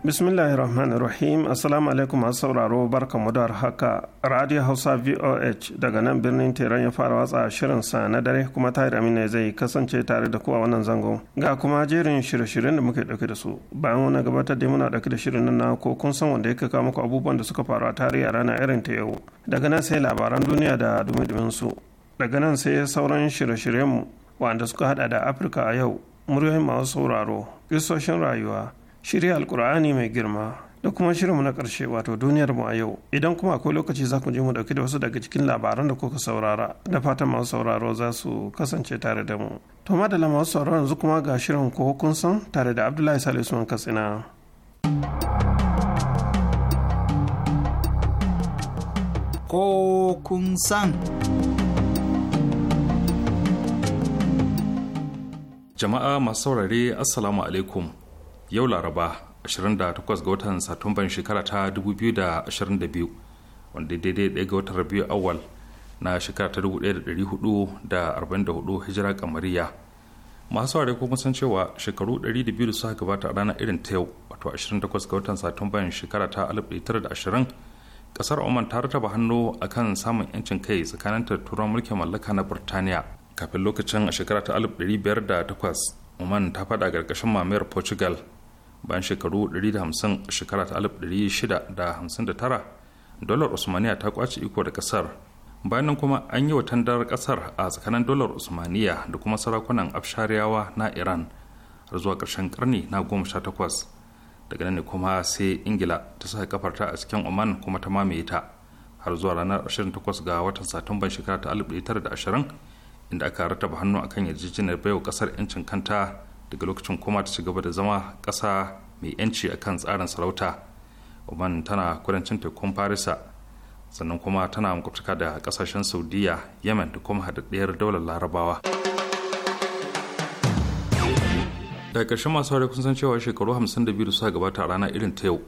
Bismillahi rahmanir rahim assalamu alaikum masu sauraro mu da haka radio hausa voh daga nan birnin teran ya fara watsa shirin sa na dare kuma tahir amina zai kasance tare da ku a wannan zango. ga kuma jerin shirye-shiryen da muke dauke da su bayan wani gabatar da muna dauke da shirin nan na ko kun san wanda yake kawo muku abubuwan da suka faru a tarihi a ranar irin ta yau daga nan sai labaran duniya da dumi su daga nan sai sauran shirye-shiryenmu wanda suka hada da afirka a yau muryoyin masu sauraro Kisoshin rayuwa shirya alkur'ani mai girma da kuma shirinmu na karshe wato duniyar mu a yau idan kuma akwai lokaci za ku je mu dauki da wasu daga cikin labaran da kuka saurara da fatan masu sauraro za su kasance tare da mu to madalla masu sauraro yanzu kuma ga shirin ko kun san tare da abdullahi salisu usman katsina ko kun san jama'a masu saurare assalamu alaikum yau laraba 28 ga watan satumban shekara ta 2022 wanda daidai daya ga watan rabiu awal na shekara ta 1444 hijira kamariya masu ware kuma san cewa shekaru 200 da suka gabata a ranar irin ta yau wato 28 ga watan satumban shekara ta 1920 kasar oman ta rataba hannu akan samun yancin kai tsakanin turan mulkin mallaka na burtaniya kafin lokacin a shekara ta 1508 oman ta fada gargashin mamayar portugal bayan shekaru 150 a shekara ta 1659 dolar usmaniya ta kwace iko da kasar bayan nan kuma an yi wa tandar kasar a tsakanin dolar usmaniya da kuma sarakunan afshariyawa na iran har zuwa ƙarshen karni na 18 daga nan ne kuma sai ingila ta sa kafarta a cikin oman kuma ta mamaye ta har zuwa ranar 28 ga watan satumban shekara ta 1920 inda aka rataba hannu a akan yarjejeniyar baiwa kasar 'yancin kanta daga lokacin kuma ta ci gaba da zama ƙasa mai 'yanci a kan tsarin sarauta oman tana kudancin tekun farisa sannan kuma tana makwabtaka da ƙasashen saudiya yemen da kuma haɗaɗɗiyar daular larabawa daga ƙarshen masu haure kun san cewa shekaru 52 da suka gabata a rana irin ta yau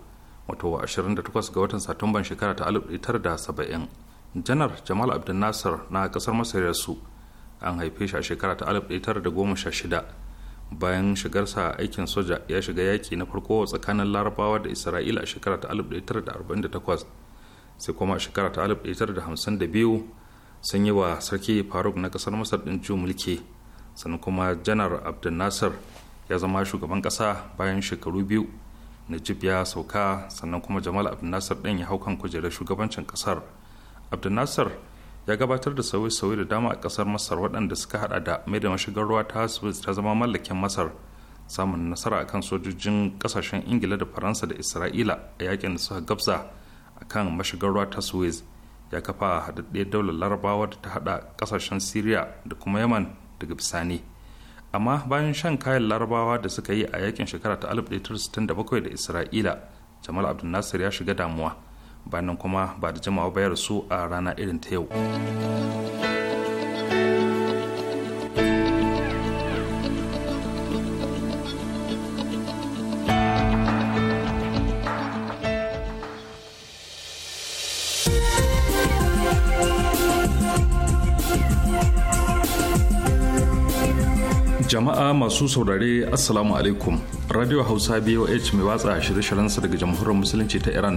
wato 28 ga watan satumban shekara ta 1970 janar jamal abdul na ƙasar masar su an haife shi a shekara ta 1916 bayan shigarsa a aikin soja ya shiga yaki na farko tsakanin larabawa da isra'ila a shekara ta 1948 sai kuma a shekara ta 1952 sun yi wa sarki faruk na kasar masar ɗin ju mulki sannan kuma janar abdul nasir ya zama shugaban ƙasa bayan shekaru biyu najib ya sauka sannan kuma jamal abdul nasir ɗin ya hau kan kujerar shugabancin ƙasar abdul nasir ya gabatar da sauye-sauye da dama a kasar masar waɗanda suka hada da mai da mashigar ruwa ta suez ta zama mallakin masar samun nasara akan sojojin kasashen ingila da faransa da isra'ila a yakin da suka gabza akan mashigar ruwa ta suez ya kafa haɗaɗɗiyar daular larabawa da ta hada kasashen syria da kuma yaman daga bisani amma bayan shan kayan larabawa da suka yi a yakin shekara ta 1967 da isra'ila jamal abdul ya shiga damuwa bayan kuma ba da jimawa bayar su a rana irin ta yau jama'a masu saurare assalamu alaikum radio hausa boh mai watsa shirye-shiryensa daga jamhuriyar musulunci ta iran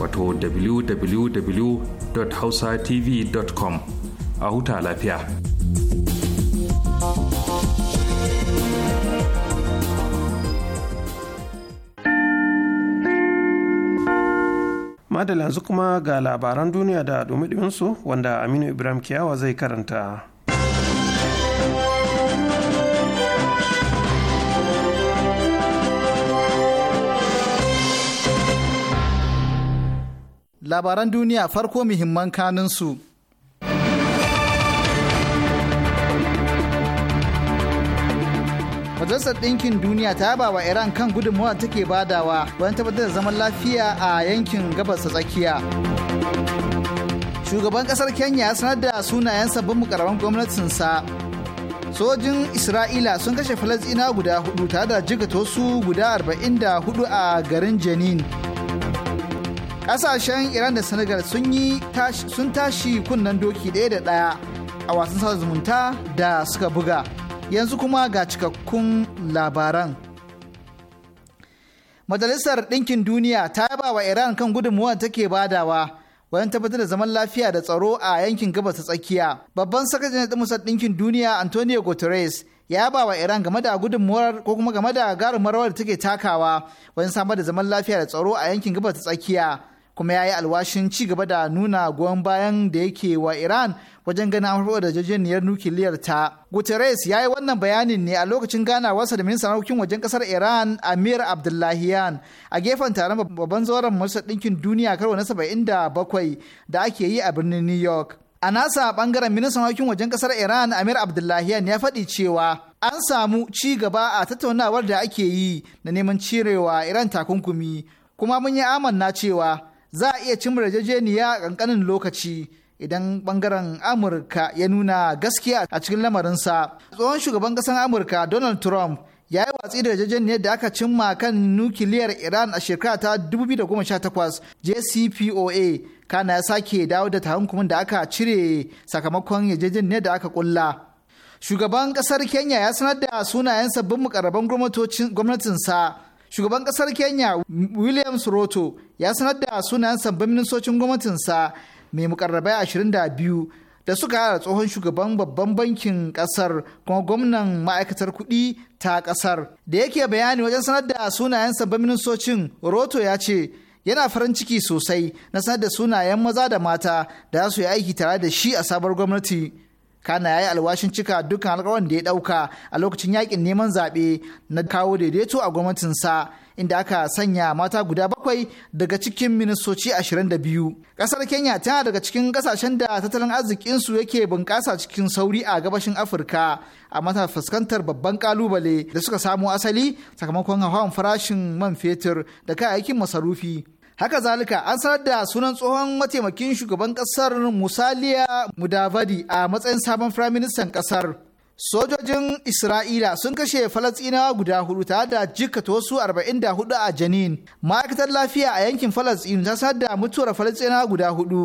wato www.hausatv.com a huta lafiya. Madalla kuma ga labaran duniya da dumi wanda Aminu Ibrahim Kiyawa zai karanta. labaran duniya farko muhimman kaninsu. Majalisar Ɗinkin Duniya ta yaba wa Iran kan gudunmawar take badawa don tabbatar da zaman lafiya a yankin gabas tsakiya. Shugaban ƙasar Kenya ya sanar da sunayen sabbin mukarraban gwamnatinsa. Sojin Isra'ila sun kashe Falasɗina guda hudu tare da jigatosu guda arba'in da hudu a garin Janin. kasashen iran da senegal sun yi sun tashi kunnen doki ɗaya da ɗaya a wasan sada zumunta da suka buga yanzu kuma ga cikakkun labaran majalisar ɗinkin duniya ta yaba wa iran kan gudunmuwar take badawa wajen tabbatar da zaman lafiya da tsaro a yankin gabas ta tsakiya babban sakataren musar ɗinkin duniya antonio guterres ya yaba wa Iran game da gudunmuwar ko kuma game da garin rawar da take takawa wajen samar da zaman lafiya da tsaro a yankin gabas ta tsakiya kuma ya yi alwashin ci gaba da nuna goyon bayan da yake wa Iran wajen ganin an da jajeniyar nukiliyar ta. Guterres ya yi wannan bayanin ne a lokacin ganawarsa da ministan harkokin wajen kasar Iran Amir Abdullahian a gefen taron babban zauren majalisar ɗinkin duniya karo na saba'in da bakwai da ake yi a birnin New York. A nasa bangaren ministan harkokin wajen kasar Iran Amir Abdullahian ya faɗi cewa an samu ci gaba a tattaunawar da ake yi na neman cirewa Iran takunkumi kuma mun yi amanna cewa za a iya cimma yarjejeniya a kankanin lokaci idan bangaren amurka ya nuna gaskiya a cikin lamarinsa tsohon shugaban ƙasar amurka donald trump ya yi watsi da yarjejeniyar da aka cimma kan nukiliyar iran a shekara ta 2018 jcpoa kana ya sake dawo da tahunkumin da aka cire sakamakon yarjejeniyar da aka kulla shugaban kasar kenya ya sanar da sunayen sabbin mukarraban gwamnatinsa shugaban kasar kenya williams roto ya sanar da sunayen sabbin ministocin gwamnatinsa mai mukarrabai 22 da suka hada tsohon shugaban babban bankin kasar kuma gwamnan ma'aikatar kudi ta kasar da yake bayani wajen sanar da sunayen sabbin ministocin roto ya ce yana farin ciki sosai na sanar da sunayen maza da mata da za su yi aiki tare da shi a sabar gwamnati kana ya yi alwashin cika dukkan alkawarin da ya dauka a lokacin yakin neman zaɓe na kawo daidaito a gwamnatinsa inda aka sanya mata guda bakwai daga cikin ministoci biyu. ƙasar kenya tana daga cikin ƙasashen da tattalin arzikinsu yake bunƙasa cikin sauri a gabashin afirka a mata fuskantar babban ƙalubale da suka samu asali sakamakon hawan farashin man fetur da kayayyakin masarufi haka zalika an sanar da sunan tsohon mataimakin shugaban kasar musaliya mudavadi a matsayin sabon firaministan kasar sojojin isra'ila sun kashe falasɗinawa guda hudu tare da jikkata wasu 44 a janin ma'aikatar lafiya a yankin Falasinu ta sanar da mutuwar falasɗinawa guda hudu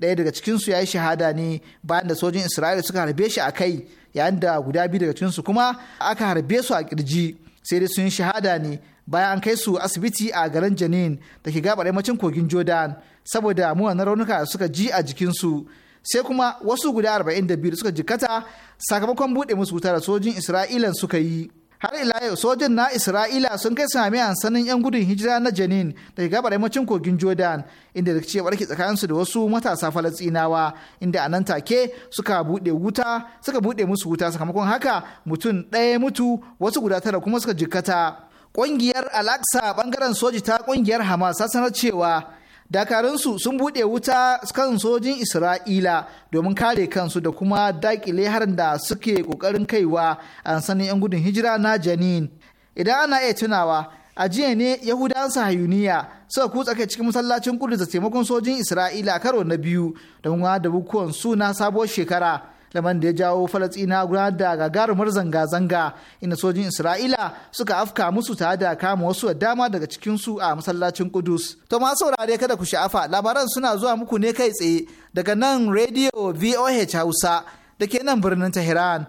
ɗaya daga cikinsu ya yi shahada ne bayan da sojin isra'ila suka harbe shi a kai yayin da guda biyu daga cikinsu kuma aka harbe su a kirji sai dai sun shahada ne bayan an kai su asibiti a garin Janin da ke gabar yammacin kogin Jordan saboda na raunuka suka ji a jikinsu. Sai kuma wasu guda da 42 suka jikata sakamakon buɗe musu wuta da sojin Isra'ila suka yi. Har ila yau sojin na Isra'ila sun kai samiyan sanin 'yan gudun hijira na Janin da ke gabar yammacin kogin Jordan inda da cewa barke tsakaninsu da wasu matasa Falastinawa inda a nan take suka buɗe wuta suka buɗe musu wuta sakamakon haka mutum ɗaya mutu wasu guda tara kuma suka jikkata. Ƙungiyar alaksa bangaren soji ta ƙungiyar Hamas ta sanar cewa dakarunsu sun buɗe wuta kan sojin Isra'ila domin kare kansu da kuma daƙile harin da suke ƙoƙarin kaiwa a sanin 'yan gudun hijira na Janin. Idan ana iya tunawa, a jiya ne yahudawan Sahayuniya suka kutsa kai cikin masallacin kudu da taimakon sojin Isra'ila karo na biyu don da bukuwan suna sabuwar shekara. laman da ya jawo falastina gudanar da gagarumar zanga-zanga inda sojin isra'ila suka afka musu tare da kama wasu da dama daga cikinsu a masallacin kudus to ma saurare kada ku sha'afa labaran suna zuwa muku ne kai tsaye daga nan rediyo voh hausa da ke nan birnin tehran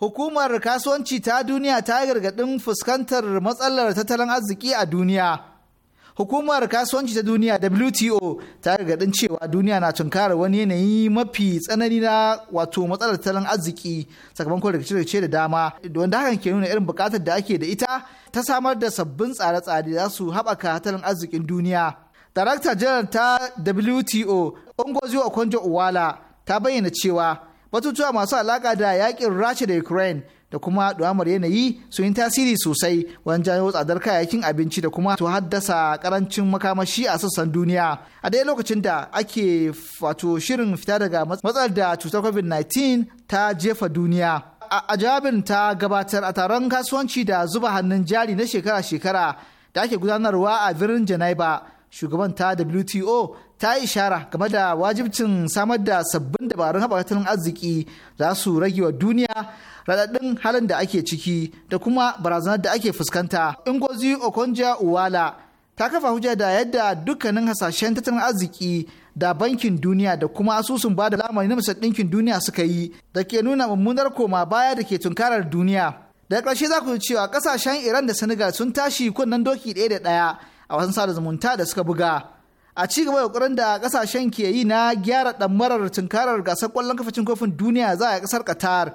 hukumar kasuwanci ta duniya ta yi gargaɗin fuskantar matsalar tattalin arziki a duniya Hukumar kasuwanci ta duniya WTO ta gargaɗin cewa duniya na tunkara wani yanayi mafi tsanani na wato matsalar tattalin arziki sakamakon rikice-rikice da dama wanda hakan ke nuna irin bukatar da ake da ita ta samar da sabbin tsare-tsare za su haɓaka tattalin arzikin duniya. Darakta janar ta WTO Ngozi okonjo Uwala ta bayyana cewa batutuwa masu alaka da yakin Rasha da Ukraine da kuma ɗuwamar yanayi sun yi tasiri sosai wajen janyo tsadar kayayyakin abinci da kuma to haddasa karancin makamashi a sassan duniya a dai lokacin da ake wato shirin fita daga matsalar da cutar covid-19 ta jefa duniya a jawabin ta gabatar a taron kasuwanci da zuba hannun jari na shekara-shekara da ake gudanarwa a birnin janaiba shugaban ta wto ta yi ishara game da wajibcin samar da sabbin dabarun haɓaka tattalin arziki za su rage wa duniya raɗaɗin halin da ake ciki da kuma barazanar da ake fuskanta. Ingozi Okonja Uwala ta kafa hujja da yadda dukkanin hasashen tattalin arziki da bankin duniya da kuma asusun bada lamari na Majalisar Ɗinkin Duniya suka yi da ke nuna mummunar koma baya da ke tunkarar duniya. Daga ƙarshe za ku ji cewa kasashen Iran da Senegal sun tashi kunnen doki ɗaya da ɗaya a wasan sada zumunta da suka buga. a ci gaba da da kasashen ke yi na gyara damarar tunkarar gasar ƙwallon kafacin kofin duniya za a kasar Qatar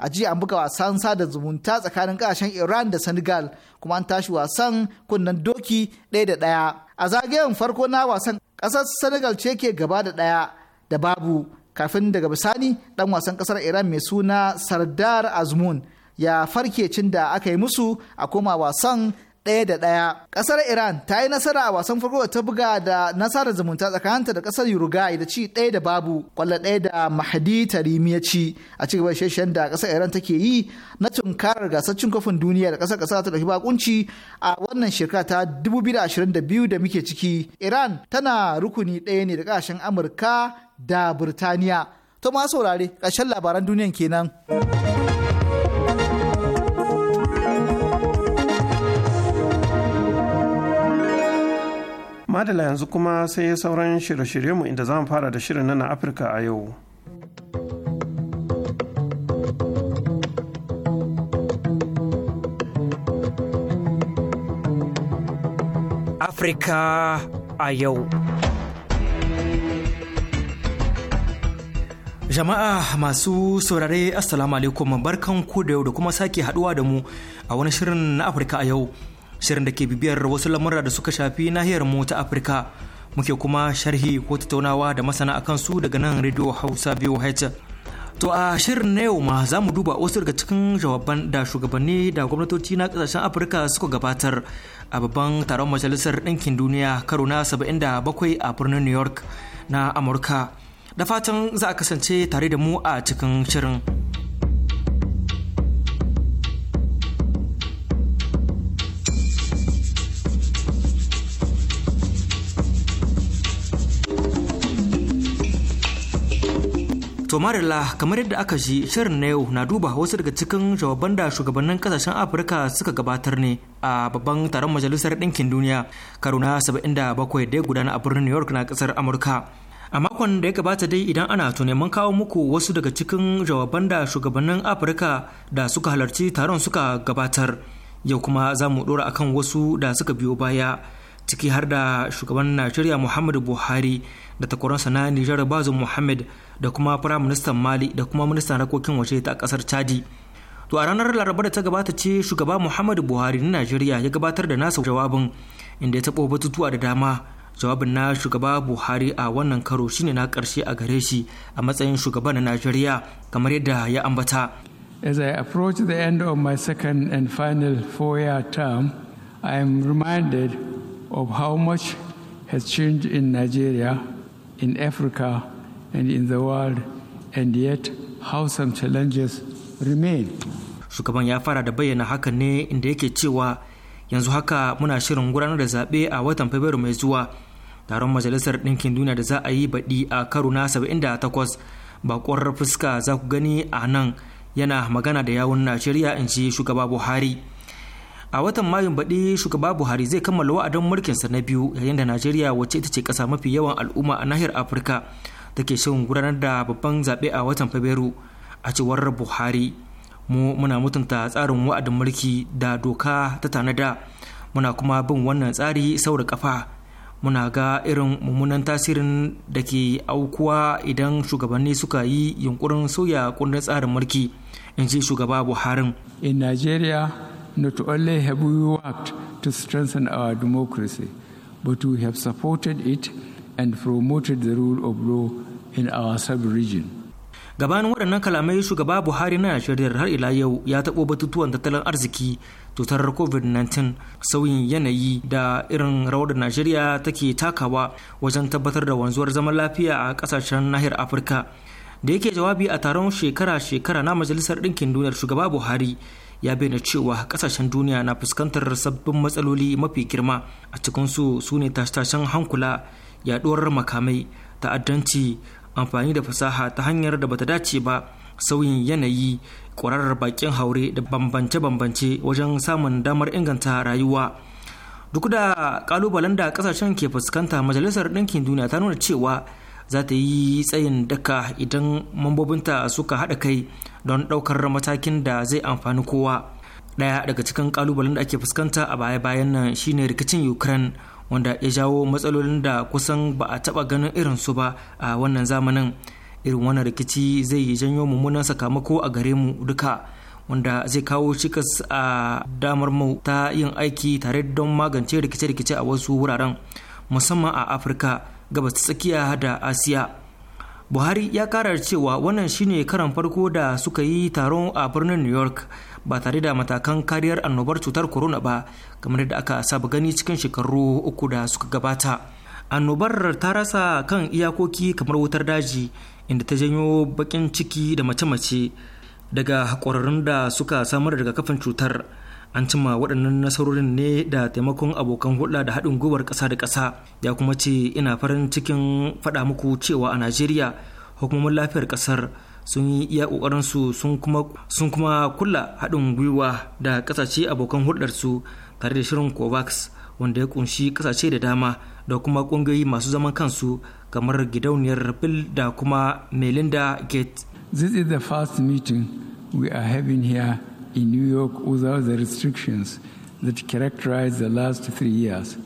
a jiya an buga wasan sada zumunta tsakanin kasashen iran da senegal kuma an tashi wasan kunnen doki ɗaya da ɗaya a zagayen farko na wasan ƙasar senegal ce ke gaba da ɗaya da babu kafin daga bisani ɗan wasan ƙasar iran mai suna sardar azmun ya farke cin da aka yi musu a koma wasan ɗaya da ɗaya. Ƙasar Iran ta yi nasara a wasan farko da ta buga da nasarar zumunta tsakaninta da ƙasar Uruguay da ci ɗaya da babu, kwallo ɗaya da Mahdi Tarimi ya ci a ci gaba sheshen da ƙasar Iran take yi na tunkarar gasar cin kofin duniya da ƙasar ƙasar ta ɗauki bakunci a wannan shekara ta 2022 da muke ciki. Iran tana rukuni ɗaya ne da ƙasashen Amurka da Birtaniya. To ma saurare ƙarshen labaran duniyan kenan. madala yanzu kuma sai sauran shirye-shiryenmu inda za mu fara da shirin na afirka a yau Afirka a yau. Jama'a masu saurare Assalamu alaikum barkan ku da yau da kuma sake haduwa da mu a wani shirin na Afirka a yau. shirin da ke bibiyar wasu lamura da suka shafi nahiyar mu ta afirka muke kuma sharhi ko tattaunawa da masana akan su daga nan radio hausa biyu haita to a shirin na yau ma za mu duba wasu daga cikin jawaban da shugabanni da gwamnatoci na kasashen afirka suka gabatar a babban taron majalisar ɗinkin duniya karo na saba'in da bakwai a birnin new york na amurka da fatan za a kasance tare da mu a cikin shirin. To Marilla kamar yadda aka ji shirin na yau na duba wasu daga cikin jawaban da shugabannin kasashen Afirka suka gabatar ne a babban taron majalisar ɗinkin duniya karo na 77 da ya gudana a birnin New York na kasar Amurka. A makon da ya gabata dai idan ana tunai mun kawo muku wasu daga cikin jawaban da shugabannin Afirka da suka halarci taron suka gabatar. Yau kuma za mu ɗora akan wasu da suka biyo baya ciki har da shugaban Najeriya Muhammadu Buhari da takwaransa na Nijar bazu Muhammad da kuma firaministan mali da kuma ministan harkokin waje ta kasar chadi to a ranar laraba da ta gabata ce shugaba muhammadu buhari na najeriya ya gabatar da nasa jawabin inda ya taɓo batutuwa da dama jawabin na shugaba buhari a wannan karo shine na karshe a gare shi a matsayin shugaban na najeriya kamar yadda ya ambata As I approach the end of my second and final four-year term, I am reminded of how much has changed in Nigeria, in Africa, and in the world, and yet how some challenges remain. Shugaban ya fara da bayyana hakan ne inda yake cewa yanzu haka muna shirin gudanar da zaɓe a watan Fabrairu mai zuwa taron Majalisar Ɗinkin Duniya da za a yi baɗi a karo na 78 bakwar fuska za ku gani a nan yana magana da yawun Najeriya in ji shugaba Buhari. a watan mayun baɗi shugaba buhari zai kammala wa'adin mulkinsa na biyu yayin da najeriya wacce ita ce ƙasa mafi yawan al'umma a nahiyar afirka da ke shirin gudanar da babban zaɓe a watan fabrairu a cewar buhari mu muna mutunta tsarin wa'adin mulki da doka ta tanada muna kuma bin wannan tsari sau da kafa muna ga irin mummunan tasirin da ke aukuwa idan shugabanni suka yi yunkurin soya kundin tsarin mulki in ji shugaba buhari. in nigeria not only have we worked to strengthen our democracy but we have supported it and promoted the rule of law in our sub-region. gabanin waɗannan kalamai shugaba buhari na shirin har ila yau ya taɓo batutuwan tattalin arziki cutar covid-19 sauyin yanayi da irin rawar da najeriya take takawa wajen tabbatar da wanzuwar zaman lafiya a ƙasashen nahiyar afirka da yake jawabi a taron shekara-shekara na majalisar ɗinkin duniyar shugaba buhari ya bayyana cewa kasashen duniya na fuskantar sabbin matsaloli mafi girma a cikinsu su ne tashe-tashen hankula yaɗuwar makamai ta'addanci amfani da fasaha ta hanyar da bata dace ba sauyin yanayi ƙwararrar bakin haure da bambance-bambance wajen samun damar inganta rayuwa duk da kalubalen da kasashen ke fuskanta majalisar ɗinkin duniya ta nuna cewa za ta yi tsayin daka idan mambobinta suka haɗa kai don ɗaukar matakin da zai amfani kowa ɗaya daga cikin kalubalen da ake fuskanta a baya-bayan nan shine rikicin ukraine wanda ya jawo matsalolin da kusan ba a taɓa ganin irin su ba a wannan zamanin irin wannan rikici zai janyo mummunan sakamako a gare mu duka wanda zai kawo cikas a damar mu ta yin aiki tare don magance rikice-rikice a wasu wuraren musamman a afirka gabas tsakiya da asiya buhari ya karar cewa wannan shine karan farko da suka yi taron a birnin new york ba tare da matakan kariyar annobar cutar corona ba kamar yadda aka saba gani cikin shekaru uku da suka gabata annobar ta rasa kan iyakoki kamar wutar daji inda ta janyo bakin ciki da mace-mace daga ƙwararrun da suka samar daga kafin cutar an cima waɗannan nasarorin ne da taimakon abokan hulɗa da haɗin gwiwar ƙasa da ƙasa ya kuma ce ina farin cikin faɗa muku cewa a najeriya hukumomin lafiyar ƙasar sun yi iya ƙoƙarinsu sun kuma kula haɗin gwiwa da ƙasashe abokan su tare da shirin covax wanda ya kunshi ƙasashe da dama da kuma ƙungiyoyi masu zaman kansu kamar gidauniyar bill da kuma melinda gates this is the first meeting we are having here in new york without the restrictions that characterize the last three years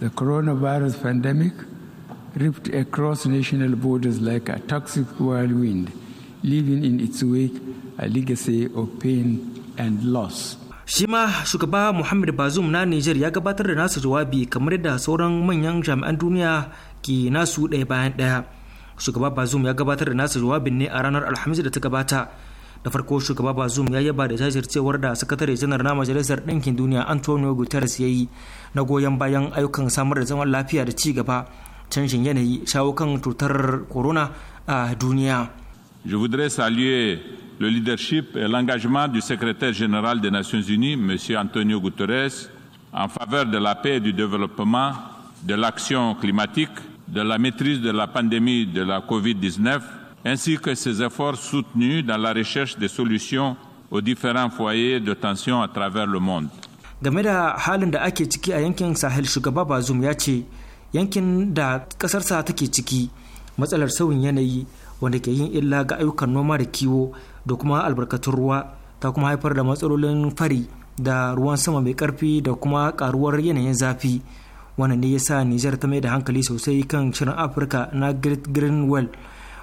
the coronavirus pandemic ripped across national borders like a toxic whirlwind living in its wake a legacy of pain and loss. shi ma shugaba muhammad bazum na niger ya gabatar da nasu jawabi kamar da sauran manyan jami'an duniya ke nasu ɗaya bayan ɗaya shugaba bazum ya gabatar da nasu jawabin ne a ranar alhamis da ta gabata da farko shugaba bazum ya yaba da jajircewar da sakatare janar na majalisar ɗinkin duniya antonio guterres ya yi na goyon bayan ayyukan samar da zaman lafiya da ci gaba canjin yanayi shawo kan cutar corona a duniya Je voudrais saluer le leadership et l'engagement du secrétaire général des Nations Unies, M. Antonio Guterres, en faveur de la paix et du développement, de l'action climatique, de la maîtrise de la pandémie de la COVID-19, ainsi que ses efforts soutenus dans la recherche des solutions aux différents foyers de tension à travers le monde wanda ke yin illa ga ayyukan noma da kiwo da kuma albarkatun ruwa ta kuma haifar da matsalolin fari da ruwan sama mai karfi da kuma karuwar yanayin zafi wanda ne yasa Nijar ta mai da hankali sosai kan shirin Afirka na Great Green Well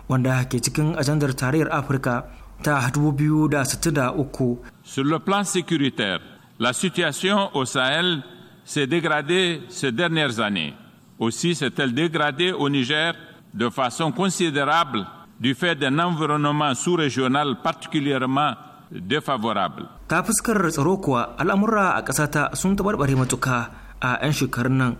wanda ke cikin ajandar tarayyar Afirka ta 2063. Sur le plan sécuritaire, la situation au Sahel s'est dégradée ces dernières années. Aussi s'est-elle dégradée au Niger de façon considérable du fait d'un environnement sous-régional particulièrement défavorable. Ta fuskar tsaro kuwa al'amura a ƙasata sun taɓarɓare matuka a 'yan shekarun nan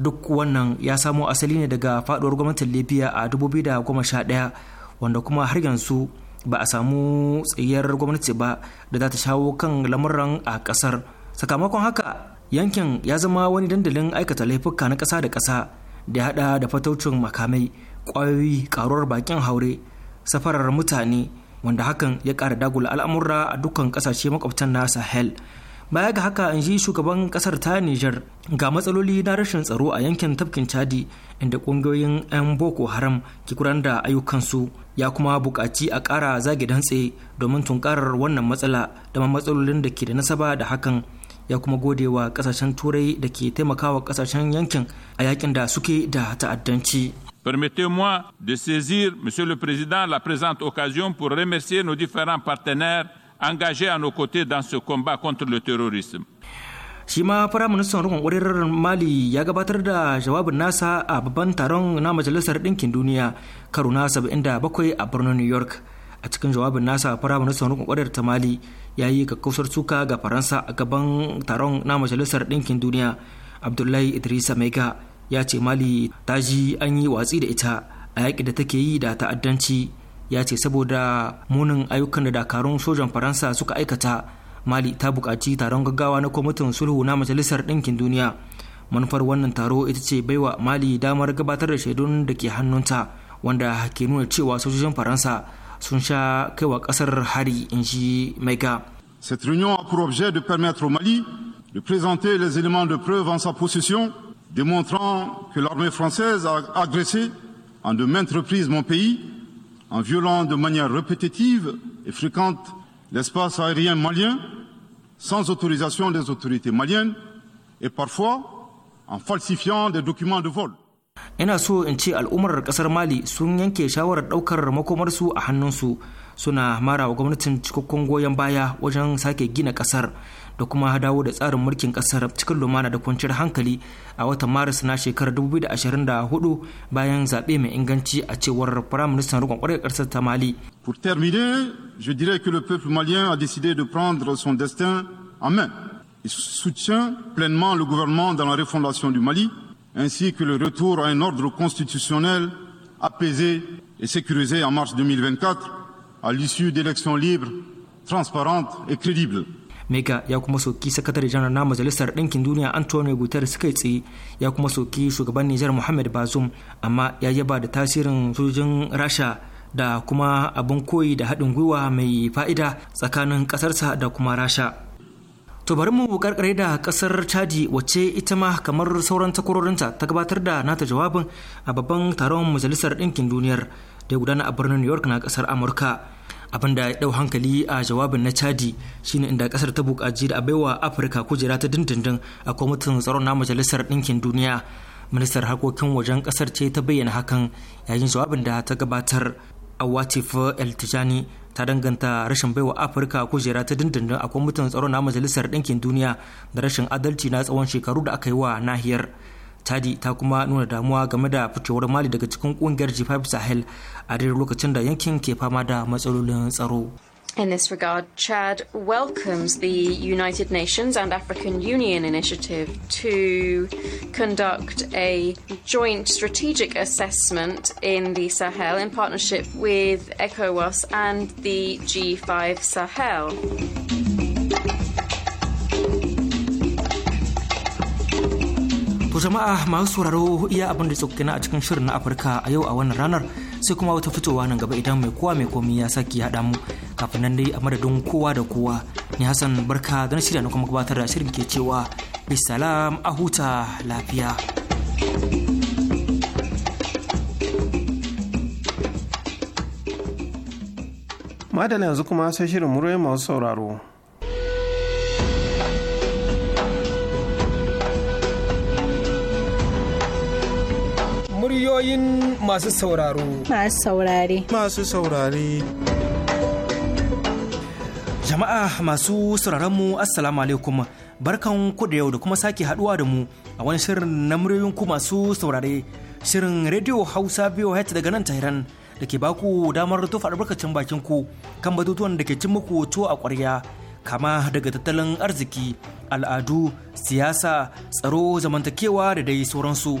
duk wannan ya samo asali ne daga faɗuwar gwamnatin libya a 2011 wanda kuma har yanzu ba a samu tsayar gwamnati ba da za ta shawo kan lamuran a ƙasar sakamakon haka yankin ya zama wani dandalin aikata laifuka na ƙasa da ƙasa da ya haɗa da fataucin makamai ƙwayoyi ƙaruwar bakin haure safarar mutane wanda hakan ya ƙara dagula al'amurra a dukkan kasashe makwabtan na sahel baya ga haka in ji shugaban kasar ta Nijar ga matsaloli na rashin tsaro a yankin tafkin Chadi inda ƙungiyoyin 'yan Boko Haram ke kuran da ayyukansu ya kuma buƙaci a ƙara zage dantse domin tunkarar wannan matsala da matsalolin da ke da nasaba da hakan ya kuma gode wa ƙasashen turai da ke taimakawa ƙasashen yankin a yakin da suke da ta'addanci. Permettez-moi de saisir, Monsieur le Président, la présente occasion pour remercier nos différents partenaires engagés à nos côtés dans ce combat contre le terrorisme. shi ma firaministan rukun ƙwararren mali ya gabatar da jawabin nasa a babban taron na majalisar ɗinkin duniya karo na 77 a birnin new york a cikin jawabin nasa firaministan rukun ƙwarar ta mali ya yi kakkausar suka ga faransa a gaban taron na majalisar ɗinkin duniya abdullahi idrisa mega ya ce mali ta ji an yi watsi da ita a yaƙi da take yi da ta'addanci ya ce saboda munin ayyukan da dakarun sojan faransa suka aikata mali ta buƙaci taron gaggawa na kwamitin sulhu na majalisar ɗinkin duniya manufar wannan taro ita ce baiwa mali damar gabatar da shaidun da ke hannunta wanda ke nuna cewa sojojin faransa sun sha kaiwa ƙasar hari in shi ga. Cette réunion a pour objet de permettre au Mali de présenter les éléments de preuve en sa possession démontrant que l'armée française a agressé en de maintes reprises mon pays, en violant de manière répétitive et fréquente l'espace aérien malien, sans autorisation des autorités maliennes, et parfois en falsifiant des documents de vol pour terminer je dirais que le peuple malien a décidé de prendre son destin en main il soutient pleinement le gouvernement dans la refondation du mali ainsi que le retour à un ordre constitutionnel apaisé et sécurisé en mars 2024 à l'issue d'élections libres transparentes et crédibles. mega ya kuma soki sakatare janar na majalisar ɗinkin duniya antonio guterres kai tsaye ya kuma soki shugaban nijar muhammad bazoum amma ya yaba da tasirin sojojin rasha da kuma abin koyi da haɗin gwiwa mai fa'ida tsakanin ƙasarsa da kuma rasha To bari mu karkare da kasar Chadi wacce ita ma kamar sauran takwarorinta ta gabatar da nata jawabin a babban taron Majalisar Ɗinkin Duniyar da gudana a birnin New York na kasar Amurka. abin da ya dau hankali a jawabin na chadi shine inda kasar ta bukaci da baiwa afirka kujera ta dindindin a kwamitin tsaron na majalisar ɗinkin duniya ministar harkokin wajen kasar ce ta bayyana hakan yayin jawabin da ta gabatar awatif el tijani ta danganta rashin baiwa afirka kujera ta dindindin a kwamitin tsaro na majalisar ɗinkin duniya da rashin adalci na tsawon shekaru da aka yi wa nahiyar chadi ta kuma nuna damuwa game da mali daga cikin kungiyar g5 sahel a daidai lokacin da yankin ke fama da matsalolin tsaro In this regard, Chad welcomes the United Nations and African Union initiative to conduct a joint strategic assessment in the Sahel in partnership with ECOWAS and the G5 Sahel. jama'a masu sauraro iya abin da tsokina a cikin shirin na Afirka a yau a wannan ranar sai kuma wata fitowa nan gaba idan mai kowa mai komi ya saki haɗa mu kafin nan dai a madadin kowa da kowa ni Hassan barka don na shirya na kuma gabatar da shirin ke cewa bisalam a huta lafiya. Madalla yanzu kuma sai shirin murai masu sauraro. muryoyin masu sauraro masu saurare masu saurare jama'a masu sauraron mu assalamu alaikum barkan ku da yau da kuma sake haduwa da mu a wani shirin na muryoyin ku masu saurare shirin radio hausa biyu daga nan tahiran da ke baku damar tofa albarkacin bakin ku kan batutuwan da ke cin muku tuwo a kwarya kama daga tattalin arziki al'adu siyasa tsaro zamantakewa da dai sauransu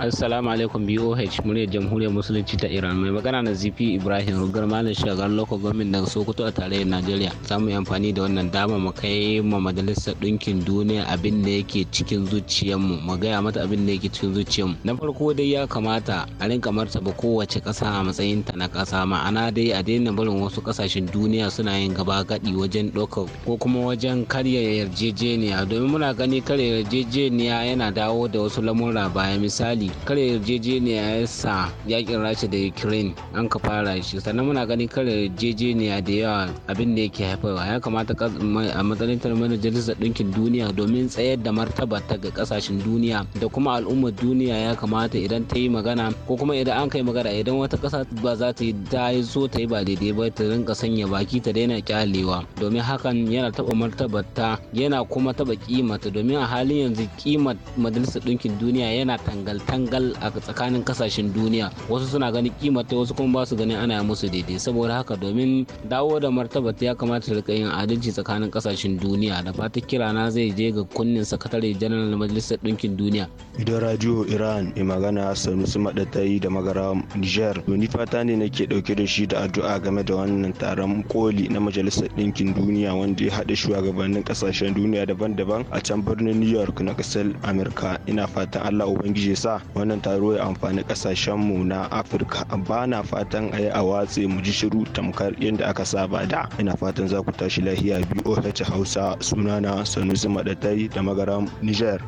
assalamu alaikum boh muryar jamhuriyar musulunci ta iran mai magana na zp ibrahim rugar malam shagar loko gwamnan daga sokoto a tarayyar najeriya za yi amfani da wannan dama mu kai ma majalisar ɗinkin duniya abin da yake cikin zuciyarmu mu gaya mata abin da yake cikin zuciyarmu na farko dai ya kamata a rinka martaba kowace ƙasa a matsayin ta na ƙasa ma'ana dai a daina barin wasu ƙasashen duniya suna yin gaba gadi wajen ɗaukar ko kuma wajen karya yarjejeniya domin muna gani karya yarjejeniya yana dawo da wasu lamura baya misali kar kare yarjejeniya ya sa yakin rasha da ukraine an ka fara shi sannan muna ganin kare yarjejeniya da yawa abin da yake haifarwa ya kamata a matsayin tarmar majalisar ɗinkin duniya domin tsayar da martaba ta ga kasashen duniya da kuma al'ummar duniya ya kamata idan ta yi magana ko kuma idan an kai magana idan wata ƙasa ba za ta yi ta yi so ta yi ba daidai ba ta rinka sanya baki ta daina kyalewa domin hakan yana taɓa martabar ta yana kuma taɓa kimata domin a halin yanzu kimar majalisar ɗinkin duniya yana tangaltan dangal a tsakanin kasashen duniya wasu suna ganin kimata wasu kuma ba su ganin ana musu daidai saboda haka domin dawo da martaba ya kamata rika yin adalci tsakanin kasashen duniya da fatan kirana zai je ga kunnin sakatare janar majalisar ɗinkin duniya idan radio iran ya magana sanusi madatai da magara niger ni fata ne nake dauke da shi da addu'a game da wannan taron koli na majalisar ɗinkin duniya wanda ya haɗa shugabannin kasashen duniya daban-daban a can birnin new york na ƙasar amurka ina fatan allah ubangiji sa wannan taro ya amfani mu na afirka ba na fatan a yi a watse mu ji shiru tamkar yadda aka saba da ina fatan za ku tashi lahiya boh hausa sunana sanusi madatai da magaram niger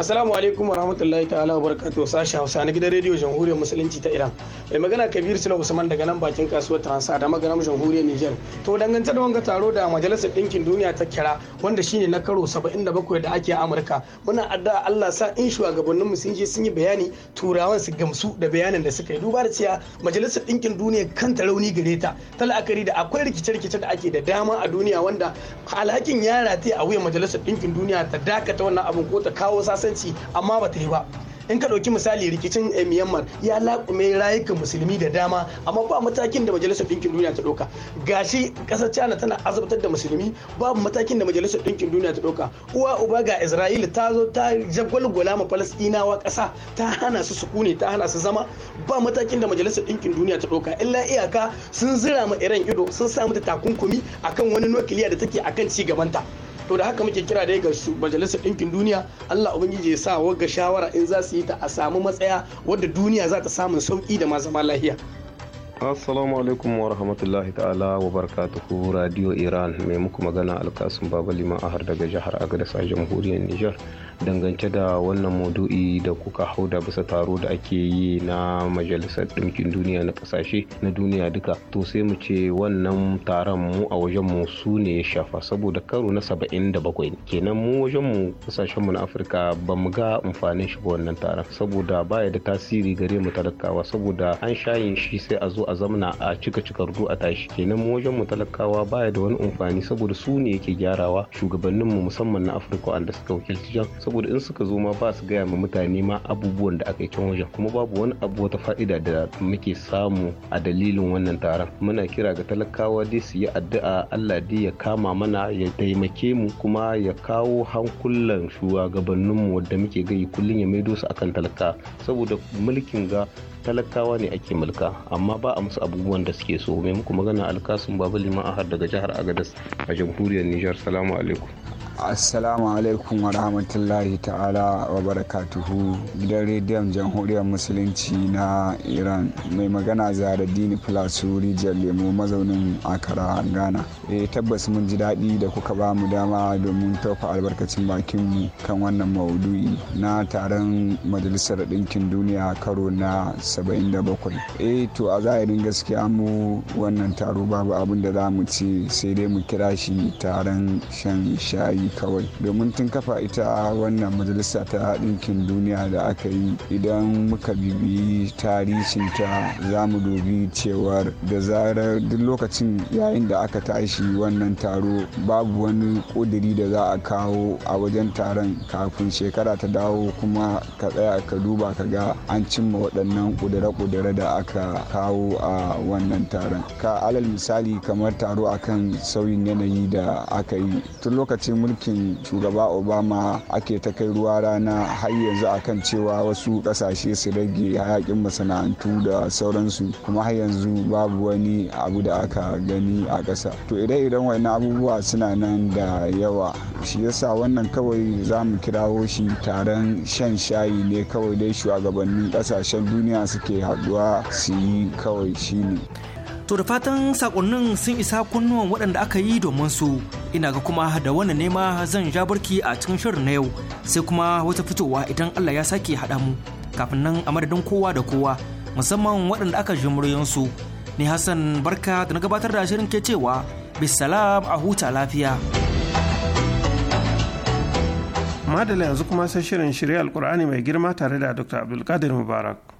Assalamu alaikum wa rahmatullahi ta'ala wa barakatuh sashi Hausa na gidan rediyo Jamhuriyar Musulunci ta Iran. Mai magana Kabir Sula Usman daga nan bakin kasuwar Transa da maganar Jamhuriyar Niger. To dangantar da wanga taro da Majalisar Dinkin Duniya ta kira wanda shine na karo 77 da ake a Amurka. Muna addu'a Allah sa in shugabannin mu sun je sun yi bayani turawan su gamsu da bayanin da suka yi. Duba da cewa Majalisar Dinkin Duniya kanta rauni gare ta. Tal'akari da akwai rikice-rikice da ake da dama a duniya wanda alhakin yara ta a wuyan Majalisar Dinkin Duniya ta dakata wannan abin ko ta kawo sasai ta'addanci amma ba ta yi ba in ka ɗauki misali rikicin eh, myanmar ya laƙume rayukan musulmi da dama amma ba matakin da majalisar ɗinkin duniya ta ɗauka gashi ƙasar china tana azabtar da musulmi babu matakin da majalisar ɗinkin duniya ta ɗauka uwa uba ga isra'ila ta zo ta jagwalgwala ma falastinawa ƙasa ta hana su sukuni ta hana su zama ba matakin da majalisar ɗinkin duniya ta ɗauka illa iyaka sun zira ma iran ido sun samu mata takunkumi akan wani nukiliya da take akan ci gabanta to da haka muke kira dai ga majalisar ɗinkin duniya Allah ubangiji ya sa wagga shawara in za su yi ta a samu matsaya wadda duniya za ta samun sauki da ma zama lahiya Assalamu alaikum wa rahmatullahi ta'ala wa barakatuhu Radio Iran mai muku magana alkasun Baba a har daga jihar Agadas a jamhuriyar Nijar. dangance da wannan maudu'i da kuka hau da bisa taro da ake yi na majalisar ɗinkin duniya na ƙasashe na duniya duka to sai mu ce wannan taron mu a wajen mu su ne ya shafa saboda karo na saba'in da bakwai kenan mu wajen mu mu na afirka ba mu ga amfanin shi ba wannan taron saboda baya da tasiri gare mu talakawa saboda an shayin shi sai a zo a zamna a cika cika rudu a tashi kenan mu wajen mu talakawa baya da wani amfani saboda su ne yake gyarawa shugabanninmu musamman na afirka wanda suka wakilci jan saboda in suka zo ma ba su gaya ma mutane ma abubuwan da aka yi can wajen kuma babu wani abu wata fa'ida da muke samu a dalilin wannan taron muna kira ga talakawa dai su yi addu'a Allah dai ya kama mana ya taimake mu kuma ya kawo hankulan shugabanninmu wanda muke gani kullun ya maido su akan talaka saboda mulkin ga talakawa ne ake mulka amma ba a musu abubuwan da suke so mai muku magana alkasun babu liman ahar daga jihar agadas a jamhuriyar nijar salamu alaikum assalamu alaikum wa rahmatullahi ta'ala wa barakatuhu gidan rediyon jamhuriyar musulunci na iran mai magana zara dini filasu rijiyar lemo mazaunin akara ghana e tabbas mun ji daɗi da kuka ba mu dama domin tofa albarkacin bakinmu kan wannan maudu'i na taron majalisar ɗinkin duniya karo na 77 e eh, to a zahirin gaskiya mu wannan taro babu abin da za mu ci sai dai mu kira shi taron shan shayi kawai domin tun kafa ita wannan majalisa ta ɗinkin duniya da aka yi idan muka bibi tarihinta za mu dubi cewar da zarar duk lokacin yayin da aka tashi wannan taro babu wani ƙudiri da za a kawo a wajen taron kafin shekara ta dawo kuma ka tsaya ka duba ka ga an cimma waɗannan ƙudire-ƙudire da aka kawo a wannan taron ka alal misali kamar taro akan sauyin yanayi da aka yi tun lokacin mulkin shugaba obama ake ta kai ruwa rana har yanzu akan cewa wasu kasashe su rage hayakin masana'antu da sauransu kuma har yanzu babu wani abu da aka gani a ƙasa to idan idan wani abubuwa suna nan da yawa shi yasa wannan kawai za mu kirawo shi taron shan shayi ne kawai dai shugabannin kasashen duniya suke haɗuwa su yi kawai shi ne. To da fatan sakonnin sun isa kunnuwan waɗanda aka yi domin su ina ga kuma da wannan nema zan ja barki a cikin shirin na yau sai kuma wata fitowa idan Allah ya sake haɗa mu kafin nan a madadin kowa da kowa musamman waɗanda aka ji muryansu ni Hassan barka da na gabatar da shirin ke cewa bisalam a huta lafiya. Madalla yanzu kuma sai shirin shirya alkur'ani mai girma tare da Dr. Abdulkadir Mubarak.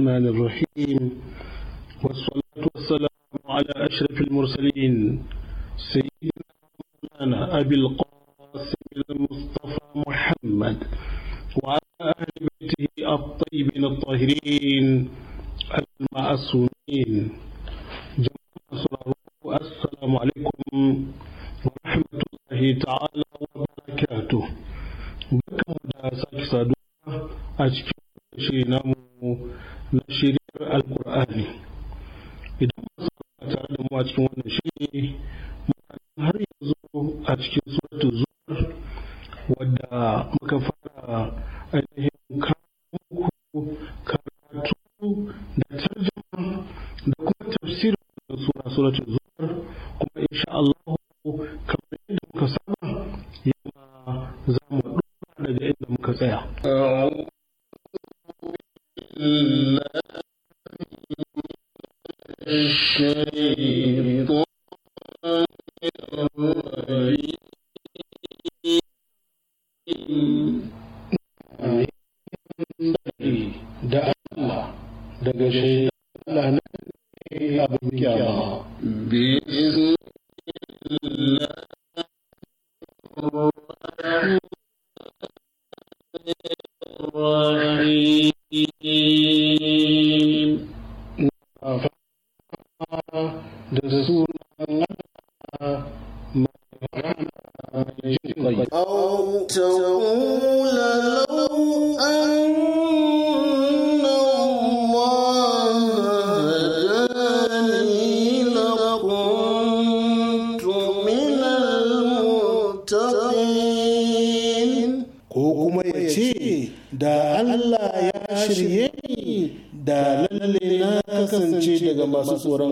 الرحمن الرحيم such as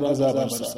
عذاب ورسره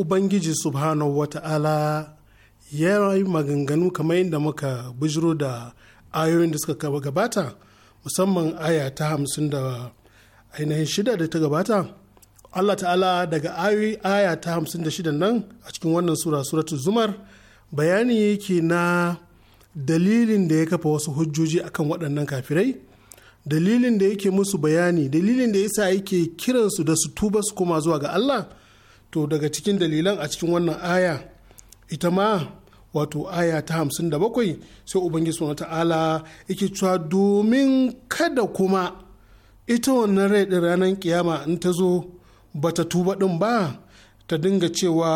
ubangiji subhanahu wata'ala ya yi maganganu kamar yadda muka bujiro da ayoyin da suka gabata musamman aya ta hamsin da ainihin shida da ta gabata allah ta'ala daga ayoyi aya ta hamsin da shida nan a cikin wannan sura suratul zumar bayani yake na dalilin da ya kafa wasu hujjoji akan waɗannan kafirai dalilin da yake musu bayani dalilin da yasa yake kiransu da su tuba su koma zuwa ga allah to daga cikin dalilan a cikin wannan aya ita ma wato aya ta hamsin da bakwai sai ubangiji suna ta'ala yake cewa domin kada kuma ita wannan rai ɗin ranar kiyama in ta zo ba ta tuba ɗin ba ta dinga cewa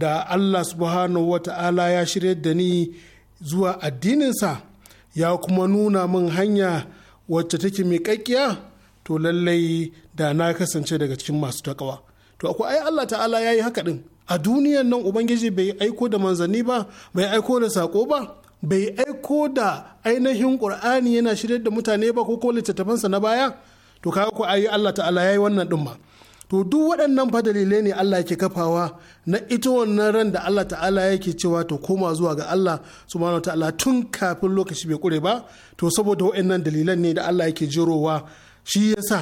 da allah subhanahu wa ta'ala ya shirya da ni zuwa addininsa ya kuma nuna min hanya wacce take miƙaƙƙiya to lallai da na kasance daga cikin masu takawa to akwai ai Allah ta'ala ya yi haka din a duniyan nan ubangiji bai aiko da manzanni ba bai aiko da sako ba bai aiko da ainihin qur'ani yana shirya da mutane ba ko ko littattafansa na baya to kaga ko ai Allah ta'ala ya yi wannan din ma to duk waɗannan fa dalilai ne Allah yake kafawa na ita wannan ran da Allah ta'ala yake cewa to koma zuwa ga Allah subhanahu ta'ala tun kafin lokaci bai kure ba to saboda waɗannan dalilan ne da Allah yake jirowa shi yasa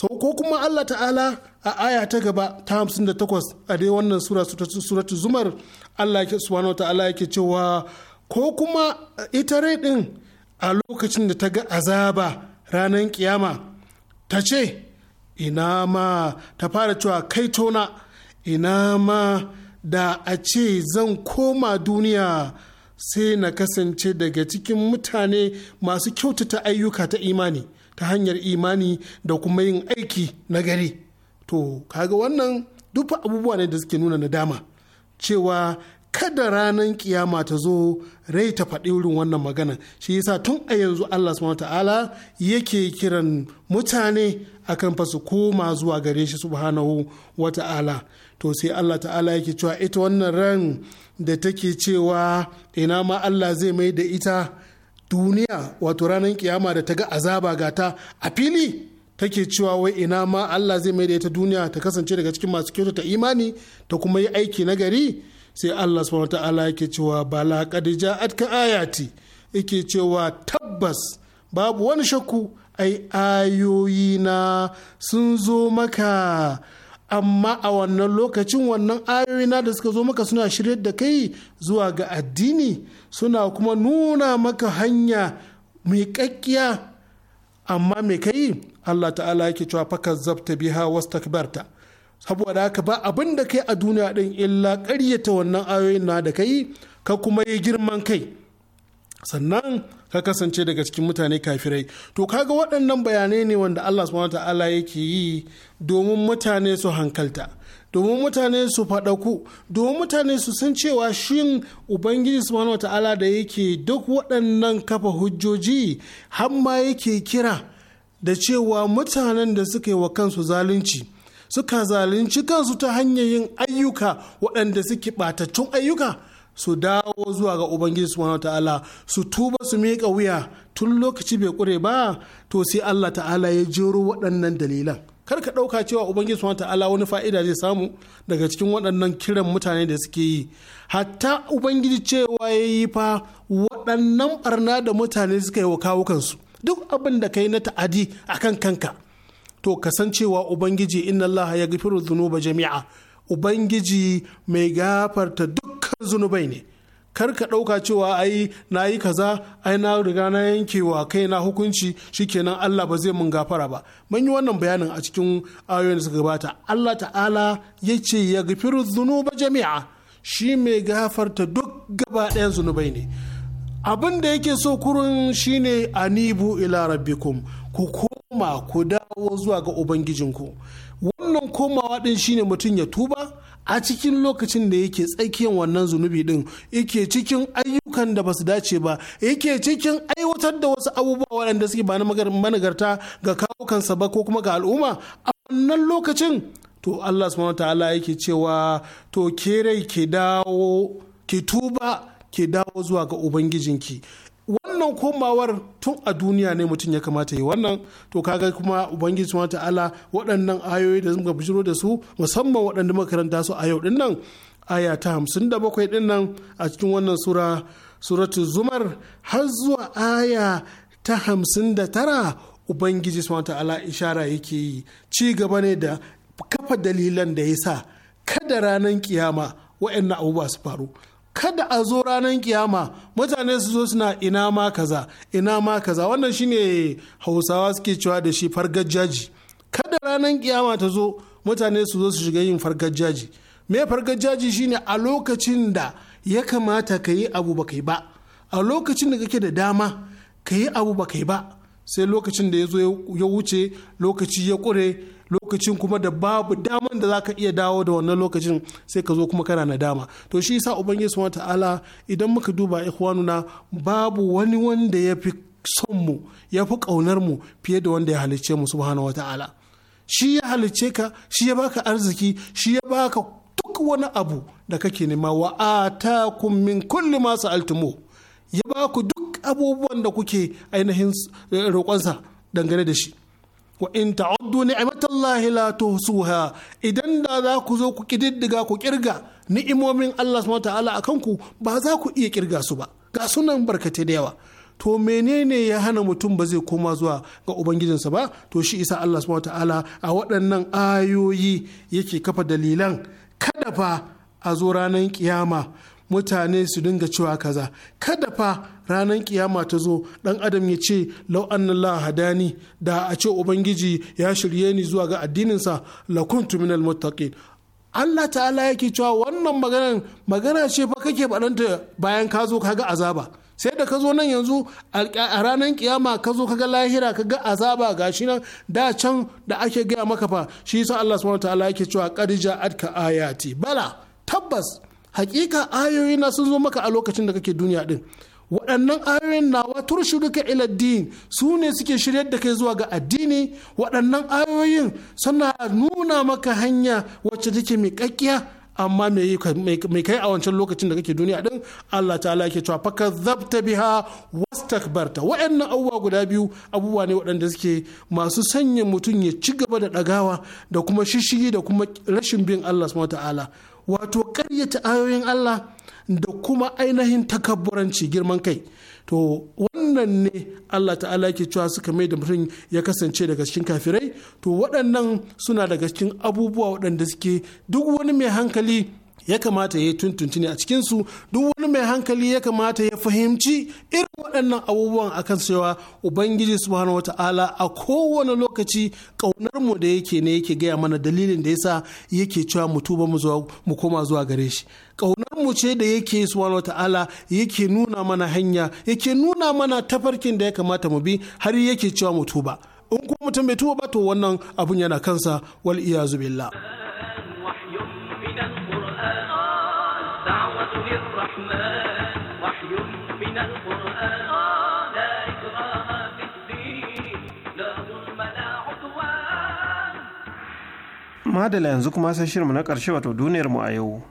sau ko kuma Allah ta'ala a aya ta gaba ta hamsin da takwas a dai wannan suratu zumar Allah subhanahu ta'ala yake cewa ko kuma ita rai din a lokacin da ta ga azaba ranar kiyama ta ce ina ma ta fara cewa kai tona ina ma da a ce zan koma duniya sai na kasance daga cikin mutane masu kyautata ayyuka ta imani ta hanyar imani da kuma yin aiki na gari to kaga wannan duk abubuwa ne da suke nuna nadama cewa kada ranar kiyama ta zo rai ta faɗi wurin wannan magana shi yasa tun a yanzu Allah subhanahu ta'ala yake kiran mutane akan fasu koma zuwa gare shi subhanahu wa ta'ala to sai Allah ta'ala yake cewa ita wannan ran da take cewa ina ma Allah zai mai da ita duniya wato ranar kiyama da ta ga azaba gata a fili take cewa wai ina ma Allah zai mai da ta duniya ta kasance daga cikin masu ta imani ta kuma yi aiki na gari sai Allah subhanahu ta'ala yake cewa bala qad ka ayati yake cewa tabbas babu wani shakku ai ayoyi na sun zo maka amma a wannan lokacin wannan ayoyi na da suka zo maka suna shirye da kai zuwa ga addini suna kuma nuna maka hanya mai kakkiya amma mai kai Allah ta'ala yake cewa fakar zabta biha wastakbarta saboda haka ba abin da kai a duniya din illa ƙaryata wannan ayoyin na da kai ka kuma yi girman kai sannan ka kasance daga cikin mutane kafirai to kaga waɗannan bayanai ne wanda Allah subhanahu ta'ala yake yi domin mutane su hankalta domin mutane su faɗaku domin mutane su san cewa shin ubangiji subhanahu wata'ala da yake duk waɗannan kafa hujjoji hamma yake kira da cewa mutanen da suka yi wa kansu zalunci suka zalunci kansu ta hanyar yin ayyuka waɗanda suke ɓatattun ayyuka su dawo zuwa ga ubangiji subhanahu wata'ala su tuba su miƙa wuya tun lokaci bai ƙure ba to sai allah ta'ala ya jero waɗannan dalilan kar ka ɗauka cewa ubangiji subhanahu ta'ala wani fa'ida zai samu daga cikin waɗannan kiran mutane da suke yi hatta ubangiji cewa ya yi fa waɗannan barna da mutane suka yi wa kawo kansu duk abin da ka yi na ta'adi a kan kanka to cewa ubangiji inna allaha ya gafiru zunuba jami'a ubangiji mai gafarta dukkan zunubai ne kar ka ɗauka cewa ai na yi kaza ai na riga na yanke wa kai na hukunci shikenan Allah ba zai mun gafara ba mun yi wannan bayanin a cikin ayoyin da suka gabata Allah ta'ala ya ce ya gafiru zunuba jami'a shi mai gafarta duk gaba ɗayan zunubai ne abin da yake so kurun shine anibu ila rabbikum ku koma ku dawo zuwa ga ubangijinku wannan komawa din shine mutum ya tuba a cikin lokacin da yake tsakiyar wannan zunubi din yake cikin ayyukan da basu dace ba yake cikin aiwatar da wasu abubuwa waɗanda suke ba na managarta ga kawo kansa ba ko kuma ga al'umma a wannan lokacin to Allah subhanahu ta'ala yake cewa to ke rai ke dawo ke tuba ki dawo zuwa ga ubangijinki wannan komawar tun a duniya ne mutum ya kamata yi wannan to kaga kuma ubangiji subhanahu ta'ala waɗannan ayoyi da muka bijiro da su musamman waɗanda makaranta su a yau din nan aya ta hamsin da bakwai din nan a cikin wannan sura suratu zumar har zuwa aya ta hamsin da tara ubangiji subhanahu ta'ala ishara yake yi ci gaba ne da kafa dalilan da ya sa kada ranar kiyama wa'annan abubuwa su faru kada a zo ranar kiyama mutane su zo suna ina ma kaza ina ma kaza wannan shine hausawa suke cewa da shi fargajaji kada ranar kiyama ta zo mutane su zo su shiga yin fargajaji me fargajaji shine a lokacin da ya kamata ka yi abu ba kai ba a lokacin da kake da dama ka yi abu ba kai ba sai lokacin da ya zo ya wuce lokaci ya kure lokacin kuma da babu daman da zaka iya dawo da wannan lokacin sai ka zo kuma kana nadama to shi yasa ubangiji subhanahu ta'ala idan muka duba ikhwanuna babu wani wanda ya fi son mu ya fi kaunar mu fiye da wanda ya halicce mu subhanahu ta'ala shi ya halicce ka shi ya baka arziki shi ya baka duk wani abu da kake nema wa atakum min kulli ma sa'altumu ya baku duk abubuwan da kuke ainihin eh, roƙonsa dangane da shi wa in ta'uddu ni'matallahi la tuhsuha idan da za ku zo ku kididdiga ku kirga ni'imomin Allah subhanahu ta'ala akan ku ba za ku iya kirga su ba ga sunan barkate da yawa to menene ya hana mutum ba zai koma zuwa ga ubangijinsa ba to shi isa Allah subhanahu ta'ala a waɗannan ayoyi yake kafa dalilan kada fa a zo ranar kiyama mutane su dinga cewa kaza kada fa ranar kiyama ta zo dan adam ya ce lau annallaha hadani da a ce ubangiji ya shirye ni zuwa ga addininsa la kuntu minal muttaqin Allah ta'ala yake cewa wannan maganar magana ce fa kake faɗanta bayan ka zo ka ga azaba sai da ka zo nan yanzu a ranar kiyama ka zo ka ga lahira ka ga azaba gashi nan da can da ake gaya maka fa shi yasa Allah subhanahu ta'ala yake cewa qad ja'atka ayati bala tabbas hakika ayoyi na sun zo maka a lokacin da kake duniya din waɗannan ayoyin nawa turshiduka ila iladdin su ne suke shiryar da kai zuwa ga addini waɗannan ayoyin suna nuna maka hanya wacce take mai kakkiya amma mai kai a wancan lokacin da kake duniya din Allah ta'ala ke cewa faka zabta biha barta waɗannan abubuwa guda biyu abubuwa ne waɗanda suke masu sanya mutum ya ci gaba da ɗagawa da kuma shishigi da kuma rashin bin Allah subhanahu wato ƙaryata ayoyin Allah da kuma ainihin takabburanci girman kai to wannan ne Allah ta'ala ke cewa suka mai da mutum ya kasance daga cikin kafirai to waɗannan suna daga cikin abubuwa waɗanda suke duk wani mai hankali ya kamata ya yi ne a cikinsu duk wani mai hankali ya kamata ya fahimci irin waɗannan abubuwan akan cewa ubangiji subhanahu wata'ala a kowane lokaci ƙaunar mu da yake ne yake gaya mana dalilin da yasa yake cewa mu tuba mu zuwa mu koma zuwa gare shi ƙaunar mu ce da yake subhanahu wata'ala yake nuna mana hanya yake nuna mana tafarkin da ya kamata mu bi har yake cewa mu tuba in kuma mutum bai tuba ba to wannan abun yana kansa wal iyazu billah madala yanzu kuma sai shirinmu na ƙarshe wato duniyarmu a yau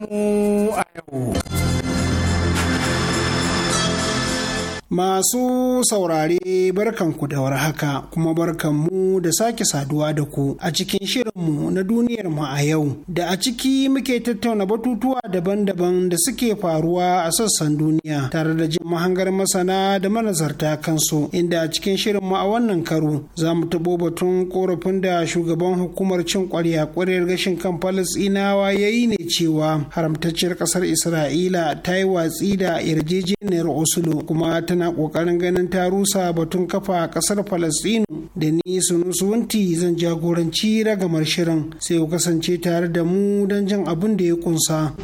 duniyarmu a yau Masu saurare barkanku da warhaka kuma barkanmu da sake saduwa da ku a cikin shirinmu na duniyarmu a yau da a ciki muke tattauna batutuwa daban-daban da suke faruwa a sassan duniya tare da jin mahangar masana da manazarta kansu inda a cikin shirinmu a wannan karo za mu tabo batun korafin da shugaban hukumar cin kwarya kwarar gashin kan falasinawa ya yi ne cewa haramtacciyar ƙasar isra'ila ta yi watsi da yarjejeniyar oslo kuma tana tana ƙoƙarin ganin ta rusa batun kafa a ƙasar Falasɗinu da ni sunusunti zan jagoranci ragamar shirin sai ku kasance tare da mu don jin abin da ya kunsa.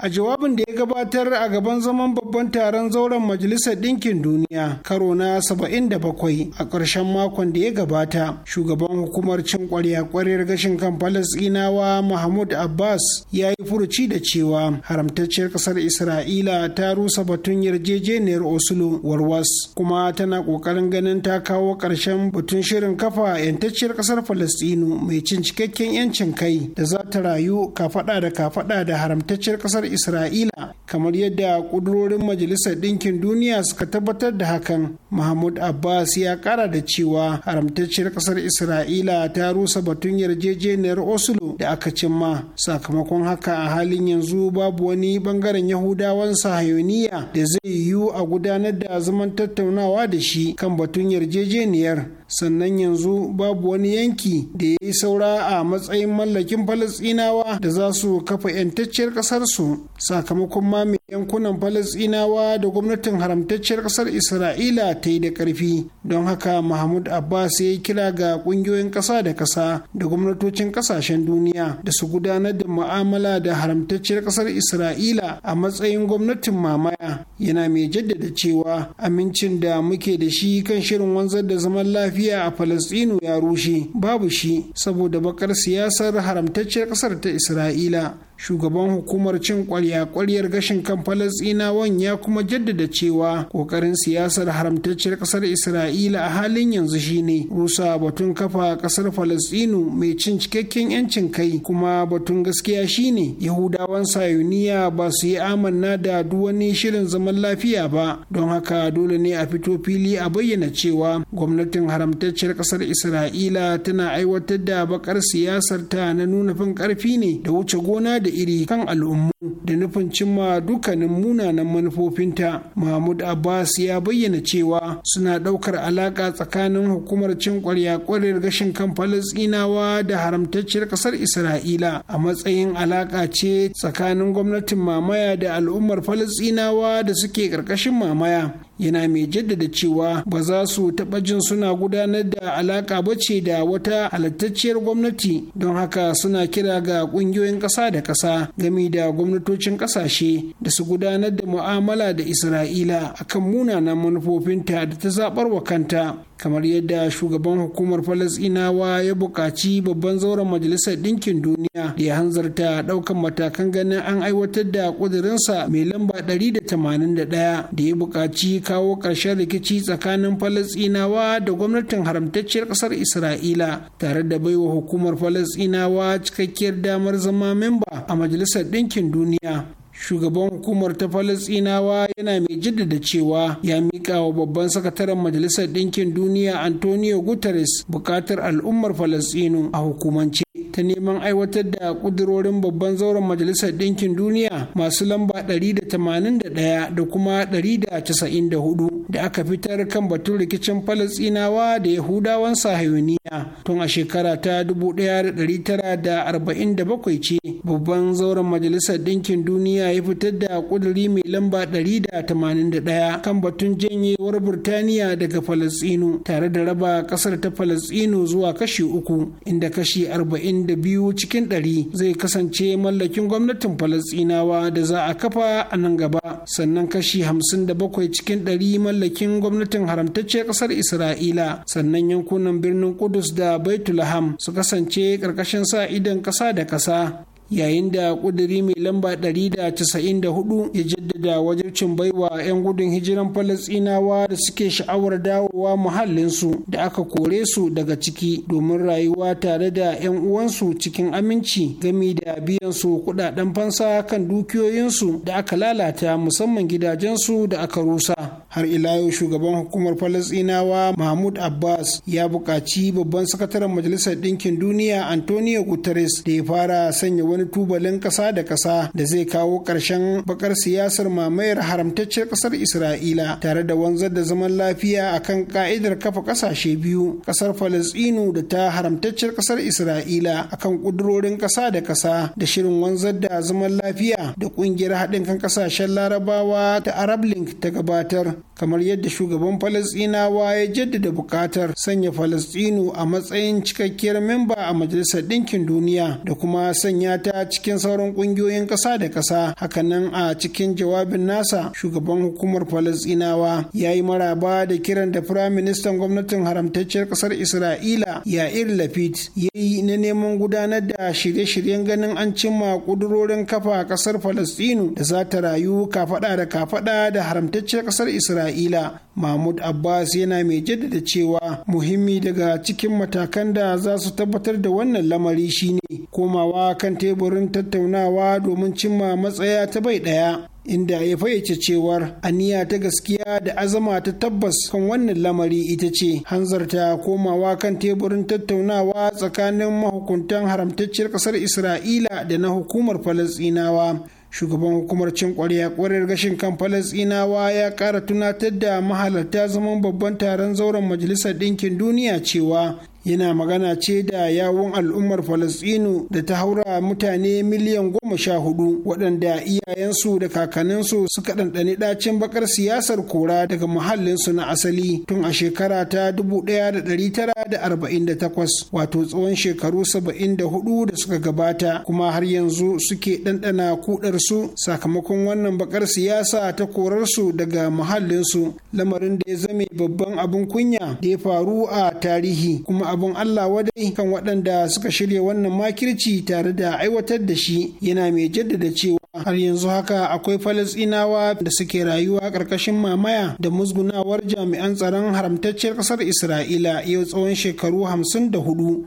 a jawabin da ya gabatar a gaban zaman babban taron zauren majalisar ɗinkin duniya karo na 77 a ƙarshen makon da ya gabata shugaban hukumar cin ƙwarya ƙwaryar gashin kan falasɗinawa mahmud abbas ya yi furuci da cewa haramtacciyar ƙasar isra'ila ta rusa batun yarjejeniyar oslo warwas kuma tana ƙoƙarin ganin ta kawo ƙarshen batun shirin kafa yantacciyar ƙasar falasɗinu mai cin cikakken yancin kai da za ta rayu kafaɗa da kafaɗa da haramtacciyar ƙasar isra'ila kamar yadda ƙudurorin majalisar ɗinkin duniya suka tabbatar da hakan mahmud abbas ya ƙara da cewa haramtacciyar ƙasar isra'ila ta rusa batun yarjejeniyar oslo da aka cimma sakamakon haka a halin yanzu babu wani bangaren yahudawan sahayoniya da zai yiwu a gudanar da zaman tattaunawa da shi kan batun yarjejeniyar sannan yanzu babu wani yanki da ya yi saura a matsayin mallakin Falasinawa da za su kafa 'yantacciyar ƙasarsu sakamakon mai yankunan Falasinawa da gwamnatin haramtacciyar ƙasar isra'ila ta yi da ƙarfi don haka mahmud abbas ya yi kira ga ƙungiyoyin ƙasa da ƙasa da gwamnatocin ƙasashen duniya da su gudanar da mu'amala da haramtacciyar ƙasar isra'ila a matsayin gwamnatin mamaya yana mai jaddada cewa amincin da muke da shi kan shirin wanzar da zaman lafiya lafiya a Falasɗinu ya rushe babu shi saboda bakar siyasar haramtacciyar ƙasar ta Isra'ila shugaban hukumar cin kwarya kwaryar gashin kan falasinawan ya kuma jaddada cewa kokarin siyasar haramtacciyar kasar isra'ila a halin yanzu shine rusa batun kafa kasar falasinu mai cin cikakken yancin kai kuma batun gaskiya shine yahudawan sayuniya ba su yi amanna da duk wani shirin zaman lafiya ba don haka dole ne a fito fili a bayyana cewa gwamnatin haramtacciyar kasar isra'ila tana aiwatar da bakar siyasar ta na nuna fin karfi ne da wuce gona da da iri kan al'ummu da nufin cimma dukkanin munanan manufofinta mahmud abbas ya bayyana cewa suna ɗaukar alaƙa tsakanin hukumar cin kwarya ƙwarar gashin kan falasɗinawa da haramtacciyar ƙasar isra'ila a matsayin alaƙa ce tsakanin gwamnatin mamaya da al'ummar falasɗinawa da suke ƙarƙashin mamaya yana mai jaddada cewa ba za su taɓa jin suna gudanar da alaƙa ba ce da wata halittacciyar gwamnati don haka suna kira ga ƙungiyoyin ƙasa da ƙasa gami da gwamnatocin ƙasashe da su gudanar da mu'amala da isra'ila akan munanan manufofinta da ta zaɓar wa kanta kamar yadda shugaban hukumar falasinawa ya buƙaci babban zauren majalisar ɗinkin duniya da ya hanzarta ɗaukan matakan ganin an aiwatar da ƙudurinsa mai lamba 181 da ya buƙaci kawo ƙarshen rikici tsakanin falasɗinawa da gwamnatin haramtacciyar ƙasar isra'ila tare da baiwa hukumar falasɗinawa cikakkiyar damar zama memba a majalisar ɗinkin duniya shugaban hukumar ta falasinawa yana mai jaddada cewa ya mika wa babban sakataren majalisar ɗinkin duniya antonio guterres buƙatar al'ummar falasinu a hukumance ta neman aiwatar da kudurorin babban zauren majalisar ɗinkin duniya masu lamba 181 da kuma 194 da aka fitar kan batun rikicin falasinawa da yahudawan sahayuniya tun a shekara ta 1947 ce babban zauren majalisar ɗinkin duniya ya fitar da ƙuduri mai lamba 181 kan batun janyewar burtaniya daga falasinu tare da raba ƙasar ta falasinu zuwa kashi uku inda kashi 42 cikin 100 zai kasance mallakin gwamnatin falasinawa da za a kafa a nan gaba sannan kashi 57 cikin 100 mallakin gwamnatin haramtacciyar kasar isra'ila sannan yankunan birnin kudus da baitulaham su kasance karkashin sa idon ƙasa da kasa. yayin da kuduri mai lamba 194 ya jaddada wajibcin baiwa 'yan gudun hijiran falasinawa da suke sha'awar dawowa muhallinsu da aka kore su daga ciki domin rayuwa tare da 'yan uwansu cikin aminci gami da biyan su kudaden fansa kan dukiyoyinsu da aka lalata musamman gidajensu da aka rusa har ila yau shugaban hukumar falasinawa mahmud abbas ya buƙaci babban sakataren majalisar ɗinkin duniya antonio guterres da ya fara sanya wani wani tubalin ƙasa da ƙasa da zai kawo ƙarshen bakar siyasar mamayar haramtacciyar ƙasar isra'ila tare da wanzar da zaman lafiya akan ka'idar kafa ƙasashe biyu ƙasar falasɗinu da ta haramtacciyar ƙasar isra'ila akan ƙudurorin ƙasa da ƙasa da shirin wanzar da zaman lafiya da ƙungiyar haɗin kan ƙasashen larabawa ta arab link ta gabatar kamar yadda shugaban falasɗinawa ya jaddada buƙatar sanya falasɗinu a matsayin cikakkiyar memba a majalisar ɗinkin duniya da kuma sanya ta ta cikin sauran ƙungiyoyin ƙasa da ƙasa hakanan a cikin jawabin nasa shugaban hukumar falasɗinawa ya yi maraba da kiran da firaministan gwamnatin haramtacciyar ƙasar isra'ila yair lafit ya yi na neman gudanar da shirye-shiryen ganin an cimma ƙudurorin kafa ƙasar falasɗinu da za ta rayu kafaɗa da kafaɗa da haramtacciyar ƙasar isra'ila mahmud abbas yana mai jaddada cewa muhimmi daga cikin matakan da za su tabbatar da wannan lamari shine komawa kan teburin tattaunawa domin cimma matsaya ta bai ɗaya inda ya fayyace cewar aniya ta gaskiya da azama ta tabbas kan wannan lamari ita ce hanzarta komawa kan teburin tattaunawa tsakanin mahukuntan haramtacciyar ƙasar isra'ila da na hukumar falasɗinawa shugaban hukumar cin kwarya kwarar gashin kan falasinawa ya kara tunatar da mahalarta zaman babban taron zauren majalisar ɗinkin duniya cewa yana magana ce da yawon al'ummar falasɗinu da ta haura mutane miliyan goma sha hudu waɗanda iyayensu da kakanninsu suka ɗanɗani ɗacin bakar siyasar kora daga muhallinsu na asali tun a shekara ta 1948 wato tsawon shekaru 74 da suka gabata kuma har yanzu suke ɗanɗana kudarsu sakamakon wannan bakar siyasa ta korarsu daga muhallinsu lamarin da ya zame babban abin kunya da ya faru a tarihi kuma abun Allah wadai kan waɗanda suka shirya wannan makirci tare da aiwatar da shi yana mai jaddada cewa har yanzu haka akwai falasinawa da suke rayuwa ƙarƙashin mamaya da musgunawar jami'an tsaron haramtacciyar ƙasar isra'ila yau tsawon shekaru hamsin da hudu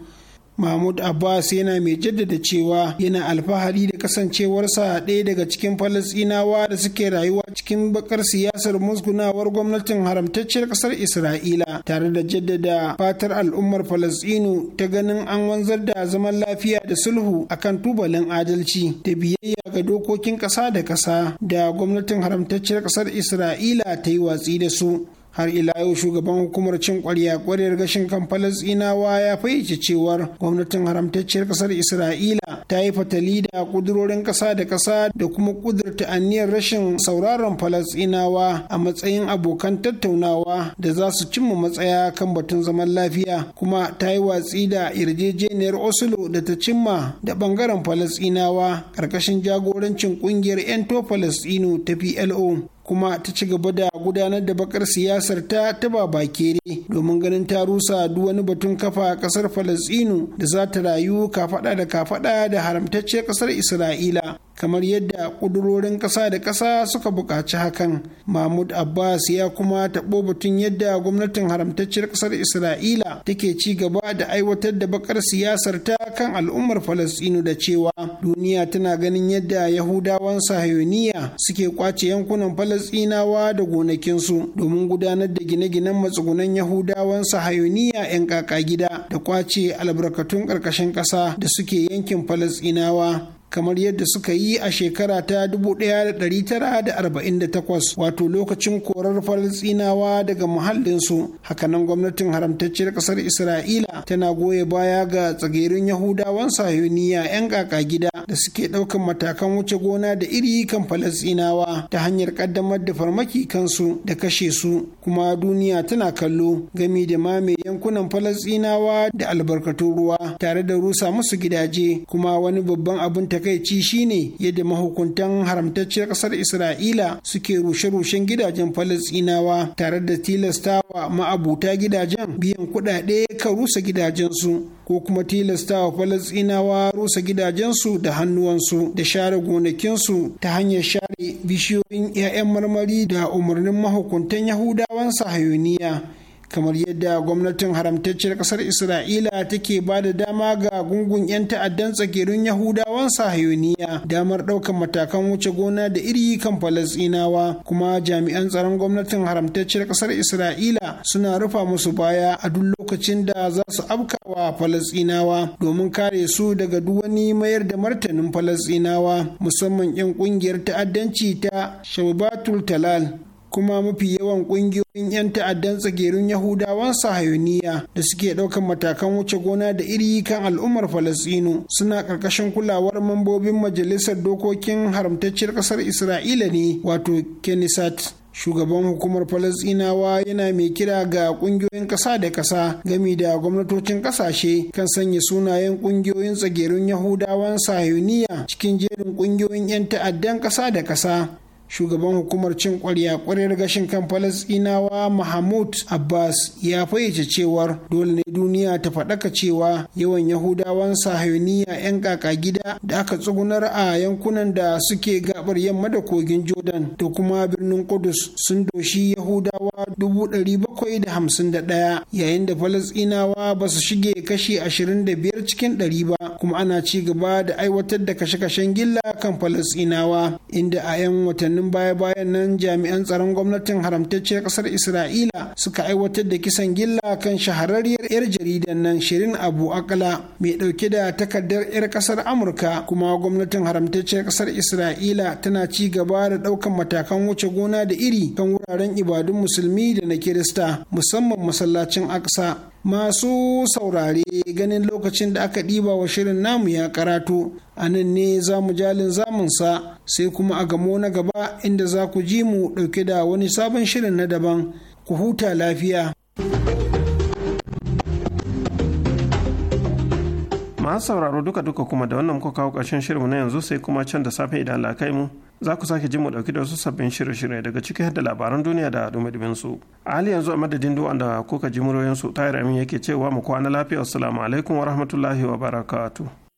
mahmud abbas yana mai jaddada cewa yana alfahari da kasancewarsa ɗaya daga cikin falasɗinawa da suke rayuwa cikin bakar siyasar musgunawar gwamnatin haramtacciyar ƙasar isra'ila tare da jaddada fatar al'ummar falasɗinu ta ganin an wanzar da zaman lafiya da sulhu akan tubalin adalci da biyayya ga dokokin ƙasa da ƙasa da gwamnatin haramtacciyar ƙasar isra'ila ta yi watsi da su har ila yau shugaban hukumar cin kwarya kwaryar gashin kan falasinawa ya fayyace cewar gwamnatin haramtacciyar kasar isra'ila ta yi fatali da kudurorin kasa da kasa da kuma kudurta aniyar rashin sauraron falasinawa a matsayin abokan tattaunawa da za su cimma matsaya kan batun zaman lafiya kuma ta yi watsi da yarjejeniyar oslo da ta cimma da bangaren falasinawa karkashin jagorancin ƙungiyar 'yan to falasino ta plo kuma ta ci gaba da gudanar da bakar siyasar ta ta babakere domin ganin ta rusa duk wani batun kafa a kasar falasinu da za ta rayu kafaɗa da kafaɗa da haramtacce kasar isra'ila kamar yadda ƙudurorin ƙasa da ƙasa suka buƙaci hakan mahmud abbas ya kuma taɓo batun yadda gwamnatin haramtacciyar ƙasar isra'ila take ci gaba da aiwatar da bakar siyasar ta kan al'ummar falastinu da cewa duniya tana ganin yadda yahudawan sahayoniya suke kwace yankunan falastinawa da gonakinsu domin gudanar da gine-ginen matsugunan yahudawan sahayoniya 'yan kaka gida da kwace albarkatun ƙarƙashin ƙasa da suke yankin falastinawa kamar yadda suka yi a shekara ta 1948 wato lokacin korar falasinawa daga muhallinsu hakanan gwamnatin haramtacciyar kasar isra'ila tana goya baya ga tsagerin yahudawan sahiyoniya 'yan kaka gida da suke ɗaukan matakan wuce gona da iri kan falasinawa ta hanyar ƙaddamar da farmaki kansu da kashe su kuma duniya tana kallo gami da ma mai yankunan falasinawa da albarkatun ruwa tare da rusa musu gidaje kuma wani babban abin ta takaici shine yadda mahukuntan haramtacciyar kasar isra'ila suke rushe-rushen gidajen falastinawa tare da tilastawa ma'abuta gidajen biyan kuɗaɗe kan rusa gidajensu ko kuma tilastawa falastinawa rusa gidajensu da hannuwansu da share gonakinsu ta hanyar share bishiyoyin 'ya'yan marmari da umarnin mahukuntan yahudawan sahayoniya kamar yadda gwamnatin haramtacciyar kasar isra'ila take ba da dama ga gungun 'yan ta'addan tsakirin yahudawan sahayoniya damar ɗaukar matakan wuce gona da iri kan falasinawa kuma jami'an tsaron gwamnatin haramtacciyar kasar isra'ila suna rufa musu baya a duk lokacin da za su afkawa falasinawa domin kare su daga duk wani mayar da martanin falasinawa musamman 'yan kungiyar ta'addanci ta shababatul talal kuma mafi yawan ƙungiyoyin 'yan ta'addan tsagerun yahudawan sahayoniya da suke ɗaukar matakan wuce gona da iri kan al'ummar falasɗinu suna ƙarƙashin kulawar mambobin majalisar dokokin haramtacciyar ƙasar isra'ila ne wato kenisat shugaban hukumar falasinawa yana mai kira ga kungiyoyin ƙasa da ƙasa gami da gwamnatocin ƙasashe kan sanya sunayen kungiyoyin tsagerun yahudawan sahuniya cikin jerin kungiyoyin 'yan ta'addan ƙasa da ƙasa shugaban hukumar cin kwarya kwarar gashin kan falastinawa mahmud abbas ya fayyace cewar dole ne duniya ta faɗaka cewa yawan yahudawan sahayoniya 'yan kaka gida da aka tsugunar a yankunan da suke gabar yamma da kogin jordan da kuma birnin kudus sun doshi yahudawa 751 yayin da falasɗinawa ba su shige kashi biyar cikin 100 ba kuma ana ci gaba da aiwatar da kashe-kashen gilla kan falasɗinawa inda a 'yan watannin watannin baya-bayan nan jami'an tsaron gwamnatin haramtacciyar kasar isra'ila suka aiwatar da kisan gilla kan shahararriyar 'yar jaridan nan shirin abu akala mai dauke da takardar 'yar kasar amurka kuma gwamnatin haramtacciyar kasar isra'ila tana ci gaba da daukan matakan wuce gona da iri kan wuraren ibadun musulmi da na kirista musamman masallacin aksa masu saurare ganin lokacin da aka ɗiba wa shirin namu ya karatu a nan ne za mu jalin zamunsa sai kuma a gamo na gaba inda za ku ji mu ɗauke da wani sabon shirin na daban ku huta lafiya. masu sauraro duka duka kuma da wannan muka kawo ƙarshen shirin na yanzu sai kuma can da safe idan lakai mu za ku sake ji mu dauki da wasu sabbin shirye-shirye daga ciki da labaran duniya da dumi su a hali yanzu a madadin duwan da kuka ji muryoyin su tayar amin yake cewa mu kwana lafiya assalamu alaikum wa rahmatullahi wa barakatu.